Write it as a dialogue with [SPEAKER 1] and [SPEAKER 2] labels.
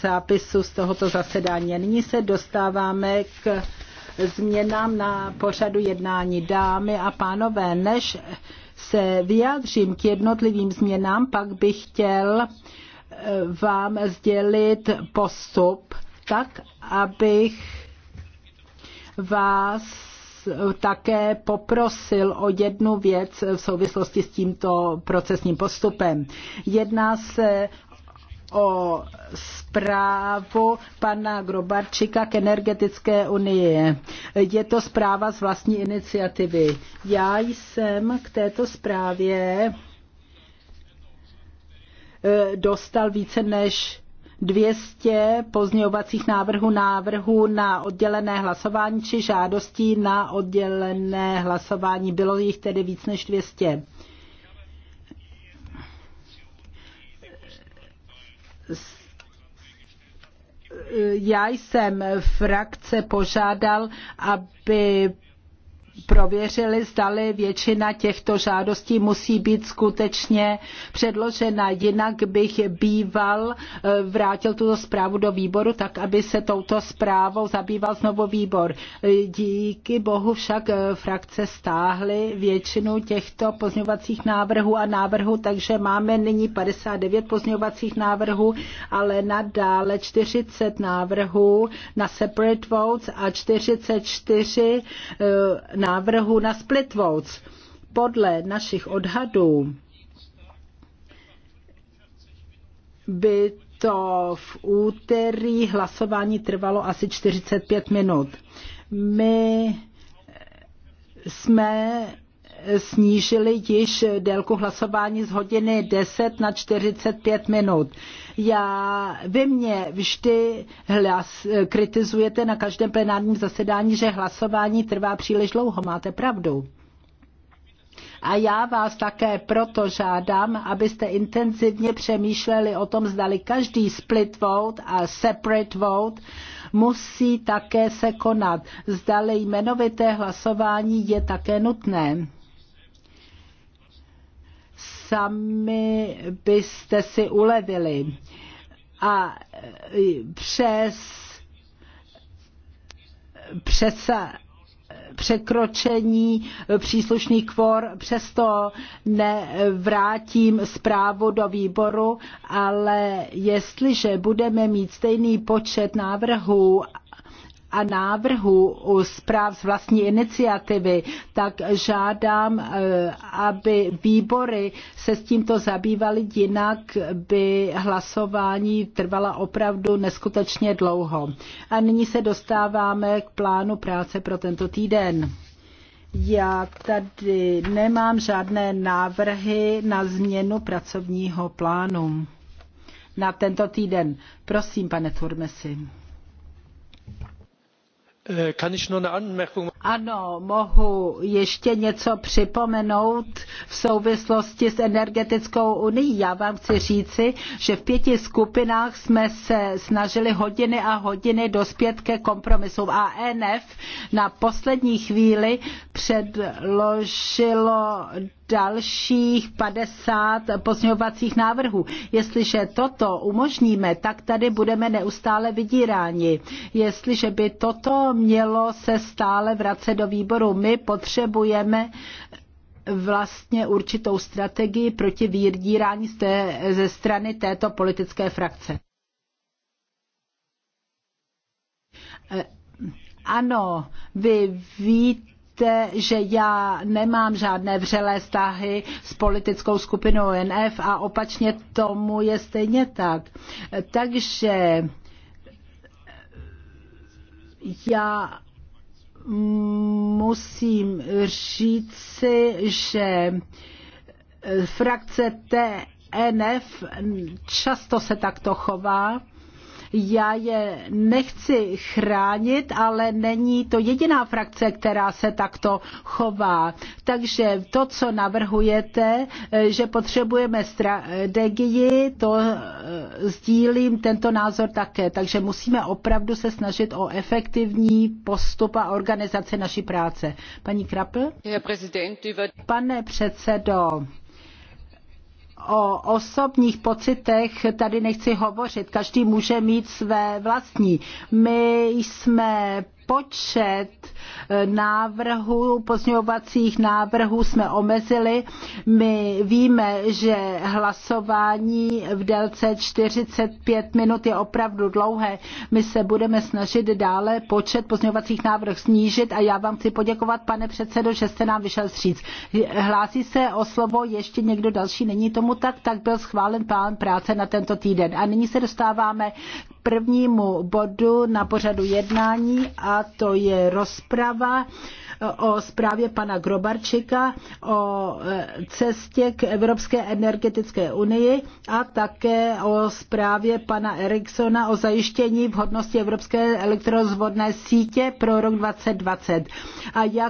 [SPEAKER 1] zápisu z tohoto zasedání. Nyní se dostáváme k změnám na pořadu jednání. Dámy a pánové, než se vyjádřím k jednotlivým změnám, pak bych chtěl eh, vám sdělit postup, tak abych vás také poprosil o jednu věc v souvislosti s tímto procesním postupem. Jedná se o zprávu pana Grobarčika k energetické unii. Je to zpráva z vlastní iniciativy. Já jsem k této zprávě e, dostal více než 200 pozměňovacích návrhů návrhů na oddělené hlasování či žádostí na oddělené hlasování. Bylo jich tedy víc než 200. já jsem frakce požádal, aby prověřili, zdali většina těchto žádostí musí být skutečně předložena. Jinak bych býval eh, vrátil tuto zprávu do výboru, tak aby se touto zprávou zabýval znovu výbor. Díky bohu však eh, frakce stáhly většinu těchto pozňovacích návrhů a návrhů, takže máme nyní 59 pozňovacích návrhů, ale nadále 40 návrhů na separate votes a 44 eh, na návrhu na split votes. Podle našich odhadů by to v úterý hlasování trvalo asi 45 minut. My jsme snížili již délku hlasování z hodiny 10 na 45 minut. Já, vy mě vždy hlas, kritizujete na každém plenárním zasedání, že hlasování trvá příliš dlouho. Máte pravdu. A já vás také proto žádám, abyste intenzivně přemýšleli o tom, zdali každý split vote a separate vote musí také se konat. Zdali jmenovité hlasování je také nutné sami byste si ulevili. A e, přes přesa, e, překročení příslušných kvor, přesto nevrátím zprávu do výboru, ale jestliže budeme mít stejný počet návrhů a návrhů u zpráv z vlastní iniciativy, tak žádám, eh, aby výbory se s tímto zabývaly, jinak by hlasování trvala opravdu neskutečně dlouho. A nyní se dostáváme k plánu práce pro tento týden. Já tady nemám žádné návrhy na změnu pracovního plánu na tento týden. Prosím, pane Turmesi. Äh, kann ich nur eine anmerkung machen. Ano, mohu ještě něco připomenout v souvislosti s energetickou unii. Já vám chci říci, že v pěti skupinách jsme se snažili hodiny a hodiny dospět ke kompromisu. A e NF na poslední chvíli předložilo dalších 50 pozměňovacích návrhů. Jestliže toto umožníme, tak tady budeme neustále vydíráni. Jestliže by toto mělo se stále vrátit delegace do výboru. My potřebujeme vlastně určitou strategii proti vydírání ze strany této politické frakce. Eh, ano, vy víte, že já nemám žádné vřelé vztahy s politickou skupinou NF a opačně tomu je stejně tak. Eh, takže já musím říci, že eh, frakce TNF mm, často se takto chová já je nechci chránit, ale není to jediná frakce, která se takto chová. Takže to, co navrhujete, eh, že potřebujeme strategii, to eh, sdílím tento názor také. Takže musíme opravdu se snažit o efektivní postup a organizaci naší práce. Paní Krapl? Pane předsedo, o osobních pocitech tady nechci hovořit, každý může mít své vlastní. My jsme počet eh, návrhů, pozměňovacích návrhů jsme omezili. My víme, že hlasování v délce 45 minut je opravdu dlouhé. My se budeme snažit dále počet pozměňovacích návrhů snížit a já vám chci poděkovat, pane předsedo, že jste nám vyšel stříc. Hlásí se o slovo ještě někdo další, není tomu tak, tak byl schválen plán práce na tento týden. A nyní se dostáváme k prvnímu bodu na pořadu jednání a to je rozprava o zprávě pana Grobarčika o e, cestě k Evropské energetické unii a také o zprávě pana Eriksona o zajištění vhodnosti Evropské elektrozvodné sítě pro rok 2020. A jak